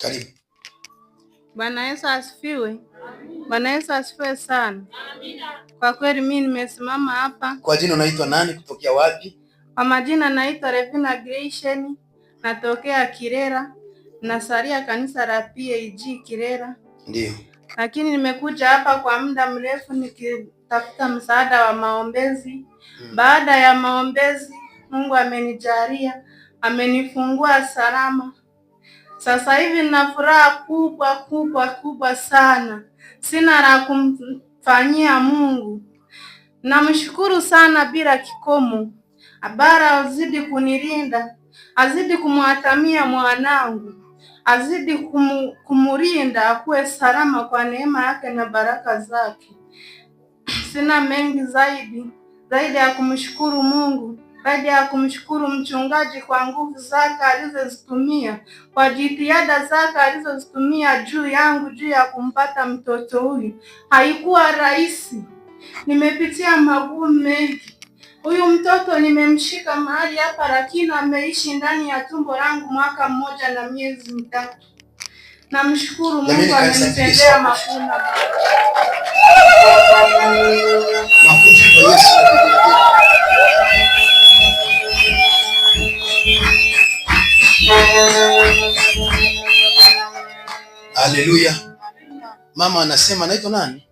Karibu. Bwana Yesu asifiwe. Bwana Yesu asifiwe sana. Amina. Kwa kweli mimi nimesimama hapa. Kwa jina unaitwa nani, kutokea wapi? Kwa majina naitwa Revina Gleisheni, natokea Kirera, nasalia kanisa la PAG Kirera. Ndio. Lakini nimekuja hapa kwa muda mrefu nikitafuta msaada wa maombezi. Hmm. Baada ya maombezi Mungu amenijalia, amenifungua salama. Sasa hivi nina furaha kubwa kubwa kubwa sana, sina la kumfanyia Mungu. Namshukuru sana bila kikomo, abara azidi kunilinda, azidi kumwatamia mwanangu, azidi kum, kumulinda akuwe salama kwa neema yake na baraka zake. Sina mengi zaidi zaidi ya kumshukuru Mungu baada ya kumshukuru mchungaji kwa nguvu zake alizozitumia, kwa jitihada zake alizozitumia juu yangu, juu ya kumpata mtoto huyu. Haikuwa rahisi, nimepitia magumu mengi. Huyu mtoto nimemshika mahali hapa, lakini ameishi ndani ya tumbo langu mwaka mmoja na miezi mitatu. Namshukuru Mungu amenitendea makuu. Haleluya. Mama anasema anaitwa nani?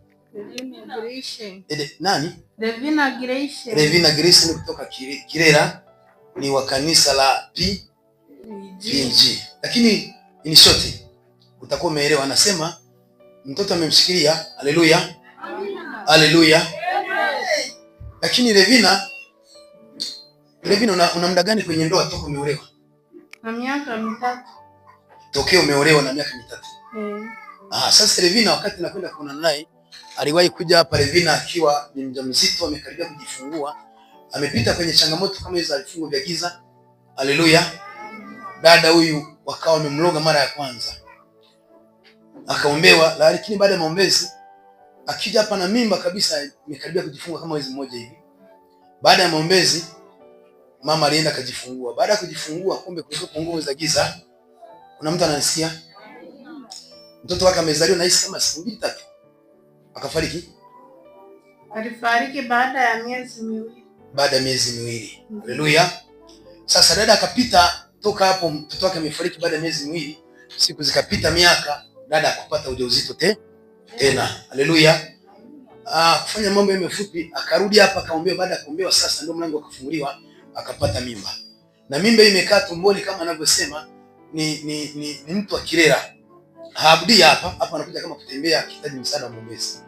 Nani? Revina Grace. Revina Grace ni kutoka Kirera, ni wa kanisa la P PNG. Lakini in short utakuwa umeelewa, anasema mtoto amemshikilia. Haleluya. Haleluya. Lakini Revina Revina, una muda gani kwenye ndoa toka umeolewa? Na miaka mitatu. Tokeo umeolewa na miaka mitatu. Mm. Ah, sasa Levina wakati nakwenda kuonana naye aliwahi kuja hapa Levina akiwa ni mjamzito amekaribia kujifungua, amepita kwenye changamoto kama hizo za vifungo vya giza. Haleluya. Dada huyu wakawa wamemloga mara ya kwanza. Akaombewa, lakini baada ya maombezi akija hapa na mimba kabisa imekaribia kujifungua kama mwezi mmoja hivi. Baada ya maombezi mama alienda kajifungua. Baada ya kujifungua, kumbe kulikuwa nguvu za giza. Kuna mtu anasikia mtoto wake amezaliwa na hisi kama siku mbili tatu, akafariki. Alifariki baada ya miezi miwili, baada ya miezi miwili. Haleluya! Sasa dada akapita toka hapo, mtoto wake amefariki baada ya miezi miwili. Siku zikapita miaka, dada akapata ujauzito te tena. Haleluya! Ah, kufanya mambo yame fupi, akarudi hapa akaombewa. Baada ya kuombewa, sasa ndio mlango ukafunguliwa, akapata mimba, na mimba imekaa tumboni kama anavyosema ni, ni, ni, ni mtu akilera haabudi hapa hapa, anakuja kama kutembea akihitaji msaada wa mwombezi.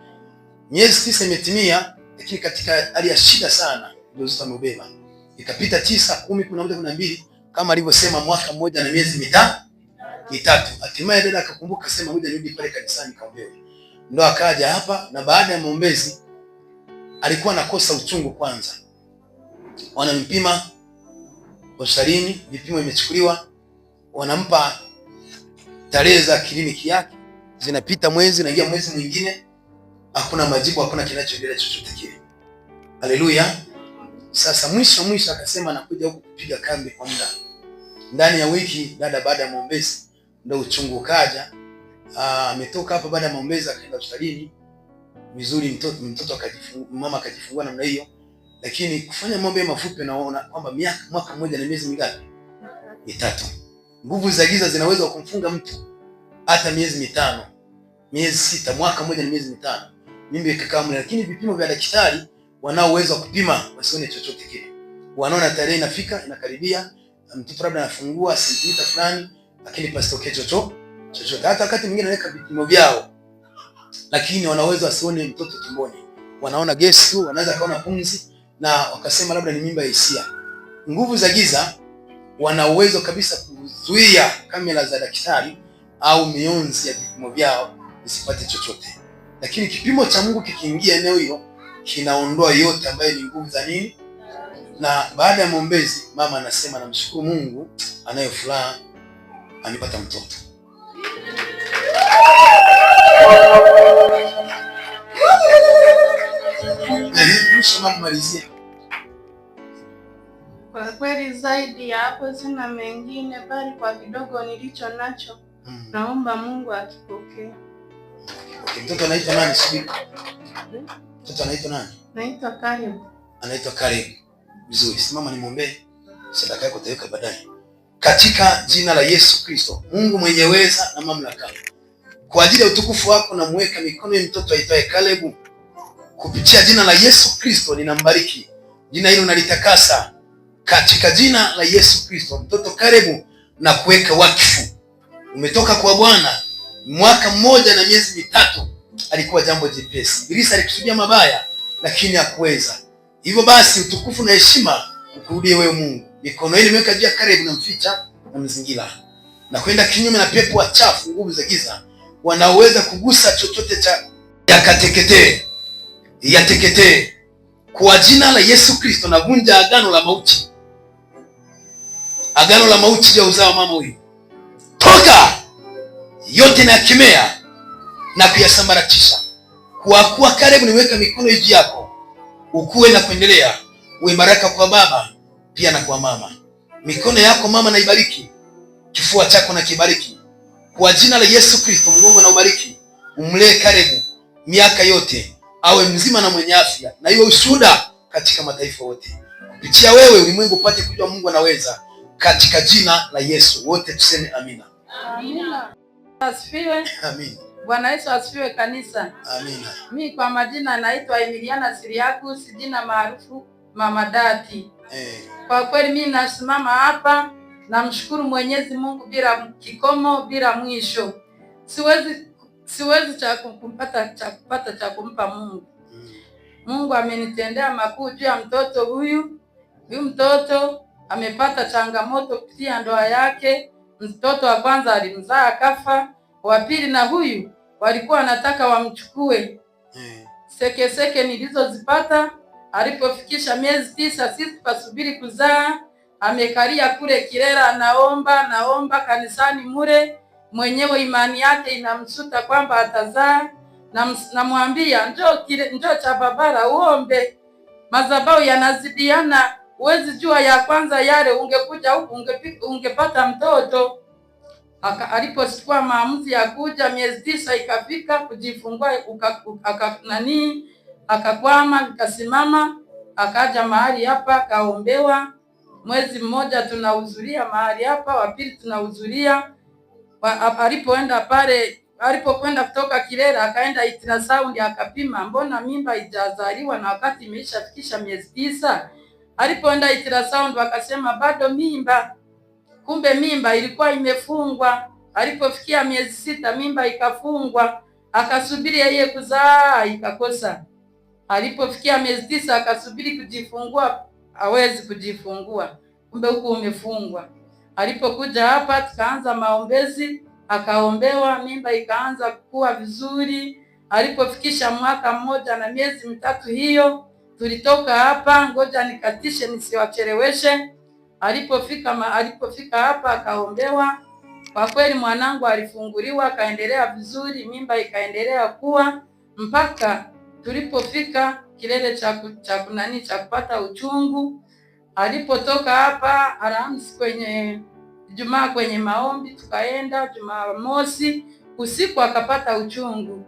Miezi tisa imetimia, lakini katika hali ya shida sana ndio Zito ameubeba. Ikapita tisa, kumi, kumi na moja, kumi na mbili kama alivyosema mwaka mmoja na miezi mitatu mitatu. Hatimaye dada akakumbuka, sema ngoja nirudi pale kanisani kaombewe. Ndio akaja hapa, na baada ya maombezi alikuwa anakosa uchungu kwanza, wanampima hospitalini, vipimo imechukuliwa, wanampa tarehe za kliniki yake zinapita, mwezi naingia mwezi mwingine, hakuna majibu, hakuna kinachoendelea chochote kile. Haleluya! Sasa mwisho mwisho akasema nakuja huku kupiga kambi kwa muda. Ndani ya wiki dada, baada ya maombezi, ndo uchungu kaja. Ah, ametoka hapa baada ya maombezi, akaenda hospitalini vizuri, mtoto mtoto akajifungua, mama akajifungua namna hiyo. Lakini kufanya maombi mafupi, naona kwamba miaka mwaka mmoja na miezi mingapi? Mitatu. Nguvu za giza zinaweza kumfunga mtu hata miezi mitano, miezi sita, mwaka mmoja na miezi mitano, mimi ikakaa mle. Lakini vipimo vya daktari wanao uwezo wa kupima wasione chochote kile, wanaona tarehe inafika, inakaribia, mtu labda anafungua sentimita fulani, lakini pasitokee chochote chochote. Hata wakati mwingine anaweka vipimo vyao, lakini wanaweza wasione mtoto tumboni, wanaona gesi tu, wanaweza kaona pumzi na wakasema labda ni mimba ya hisia. Nguvu za giza wana uwezo kabisa ku kuzuia kamera za daktari au mionzi ya vipimo vyao isipate chochote, lakini kipimo cha Mungu kikiingia eneo hilo kinaondoa yote ambayo ni nguvu za nini. Na baada ya maombezi, mama anasema namshukuru Mungu anayo furaha anipata mtoto. Yaani, malizia kwa kweli zaidi ya hapo sina mengine, bali kwa kidogo nilicho nacho mm. naomba Mungu akipokee. Okay, mtoto anaitwa nani? Sijui mtoto anaitwa nani? Naitwa Karibu. Anaitwa Karibu. Vizuri, simama nimwombee sadaka yako taweka baadaye. Katika jina la Yesu Kristo, Mungu mwenye weza na mamlaka, kwa ajili ya utukufu wako namweka mikono ya mtoto aitwaye Kalebu, kupitia jina la Yesu Kristo ninambariki. Jina hilo nalitakasa katika jina la Yesu Kristo, mtoto karibu na kuweka wakfu. Umetoka kwa Bwana mwaka mmoja na miezi mitatu, alikuwa jambo jepesi. Ibilisi alikusudia mabaya, lakini hakuweza. Hivyo basi, utukufu na heshima ukurudie wewe Mungu. Mikono ile imeweka juu ya karibu na mficha na mzingira na kwenda kinyume na pepo wachafu, nguvu za giza wanaoweza kugusa chochote cha yakateketee, yateketee kwa jina la Yesu Kristo, navunja agano la mauti agano la mauti ya uzao mama huyu, toka yote na yakemea na kuyasambaratisha. Kwa kuwa karibu niweka mikono juu yako, ukuwe na kuendelea, baraka kwa baba pia na kwa mama. Mikono yako mama na ibariki, kifua chako na kibariki, kwa jina la Yesu Kristo. Mgongo na ubariki, umlee karibu miaka yote, awe mzima na mwenye afya, na iwe ushuhuda katika mataifa yote, kupitia wewe ulimwengu upate kujua Mungu anaweza katika jina la Yesu. Wote tuseme amina. Amina. Asifiwe. Amina. Bwana Yesu asifiwe kanisa. Amina. Mi kwa majina naitwa Emiliana siriaku jina maarufu Mama Dati. Eh. Kwa kweli mi nasimama hapa namshukuru Mwenyezi Mungu bila kikomo, bila mwisho. Siwezi siwezi cha kumpata cha kupata cha kumpa Mungu. Mm. Mungu amenitendea makuu juu ya mtoto huyu. Huyu mtoto amepata changamoto pia ndoa yake. Mtoto wa kwanza alimzaa akafa, wa pili na huyu walikuwa wanataka wamchukue. Sekeseke eh. seke nilizozipata alipofikisha miezi tisa, sisi pasubiri kuzaa, amekalia kule Kirera, naomba naomba kanisani mure, mwenyewe imani yake inamsuta kwamba atazaa. Namwambia njoo, njoo cha babara uombe, madhabahu yanazidiana Huwezi jua ya kwanza yale, ungekuja huku ungepata mtoto. Alipochukua maamuzi ya kuja, miezi tisa ikafika kujifungua, nanii akakwama, kasimama akaja mahali hapa akaombewa. Mwezi mmoja tunahudhuria mahali hapa, wa pili tunahudhuria. Alipoenda pale, alipokwenda kutoka kilela akaenda itirasaundi, akapima, mbona mimba haijazaliwa na wakati imeishafikisha miezi tisa? Alipoenda ultrasound wakasema bado mimba, kumbe mimba ilikuwa imefungwa. Alipofikia miezi sita mimba ikafungwa, akasubiri yeye kuzaa ikakosa. Alipofikia miezi tisa akasubiri kujifungua, hawezi kujifungua, kumbe huku umefungwa. Alipokuja hapa tukaanza maombezi, akaombewa mimba ikaanza kukua vizuri. Alipofikisha mwaka mmoja na miezi mitatu hiyo Tulitoka hapa, ngoja nikatishe nisiwacheleweshe. Alipofika alipofika hapa akaombewa. Kwa kweli mwanangu alifunguliwa akaendelea vizuri, mimba ikaendelea kuwa mpaka tulipofika kilele cha cha nani cha kupata uchungu. Alipotoka hapa Alhamisi kwenye Jumaa kwenye maombi, tukaenda Jumamosi usiku akapata uchungu,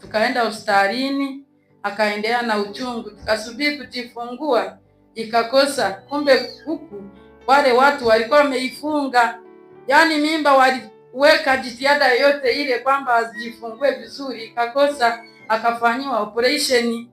tukaenda hospitalini akaendea na uchungu. Tukasubiri kujifungua ikakosa, kumbe huku wale watu walikuwa wameifunga, yaani mimba waliweka jitihada yoyote ile kwamba wazijifungue vizuri, ikakosa, akafanyiwa operation.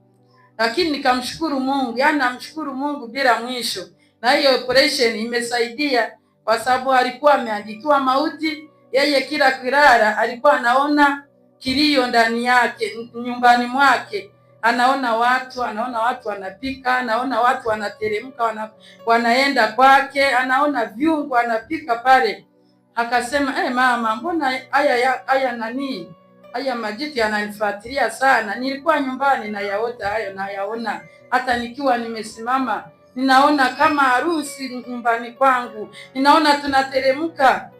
Lakini nikamshukuru Mungu, yaani namshukuru Mungu bila mwisho, na hiyo operation imesaidia kwa sababu alikuwa ameandikiwa mauti. Yeye kila kirara alikuwa anaona kilio ndani yake nyumbani mwake, anaona watu, anaona watu wanapika, anaona watu wanateremka, wana, wanaenda kwake, anaona vyungu, anapika pale. Akasema hey, eh, mama, mbona haya haya nani haya majiti yananifuatilia sana. Nilikuwa nyumbani nayaota hayo, nayaona hata nikiwa nimesimama, ninaona kama harusi nyumbani kwangu, ninaona tunateremka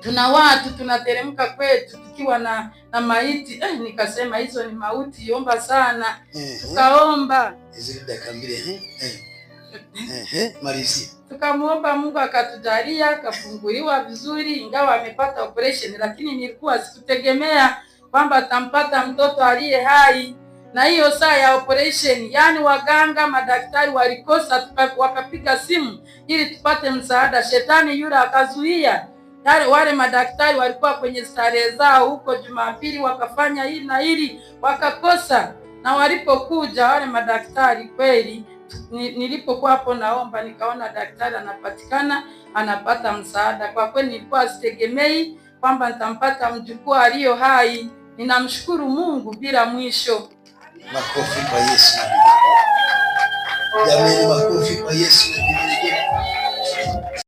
tuna watu tunateremka kwetu tukiwa na na maiti eh, nikasema hizo ni mauti, omba sana. Tukaomba eh, eh, tukamwomba Mungu akatujalia akafunguliwa vizuri, ingawa amepata operation, lakini nilikuwa sikutegemea kwamba atampata mtoto aliye hai na hiyo saa ya operation, yani waganga madaktari walikosa, wakapiga simu ili tupate msaada. Shetani yule akazuia Dare, wale madaktari walikuwa kwenye starehe zao huko Jumapili, wakafanya hili na hili wakakosa. Na walipokuja wale madaktari kweli, nilipokuwa hapo naomba, nikaona daktari anapatikana, anapata msaada. Kwa kweli nilikuwa sitegemei kwamba nitampata mjukuu aliyo hai. Ninamshukuru Mungu bila mwisho. Makofi kwa Yesu. Jamani, makofi kwa Yesu.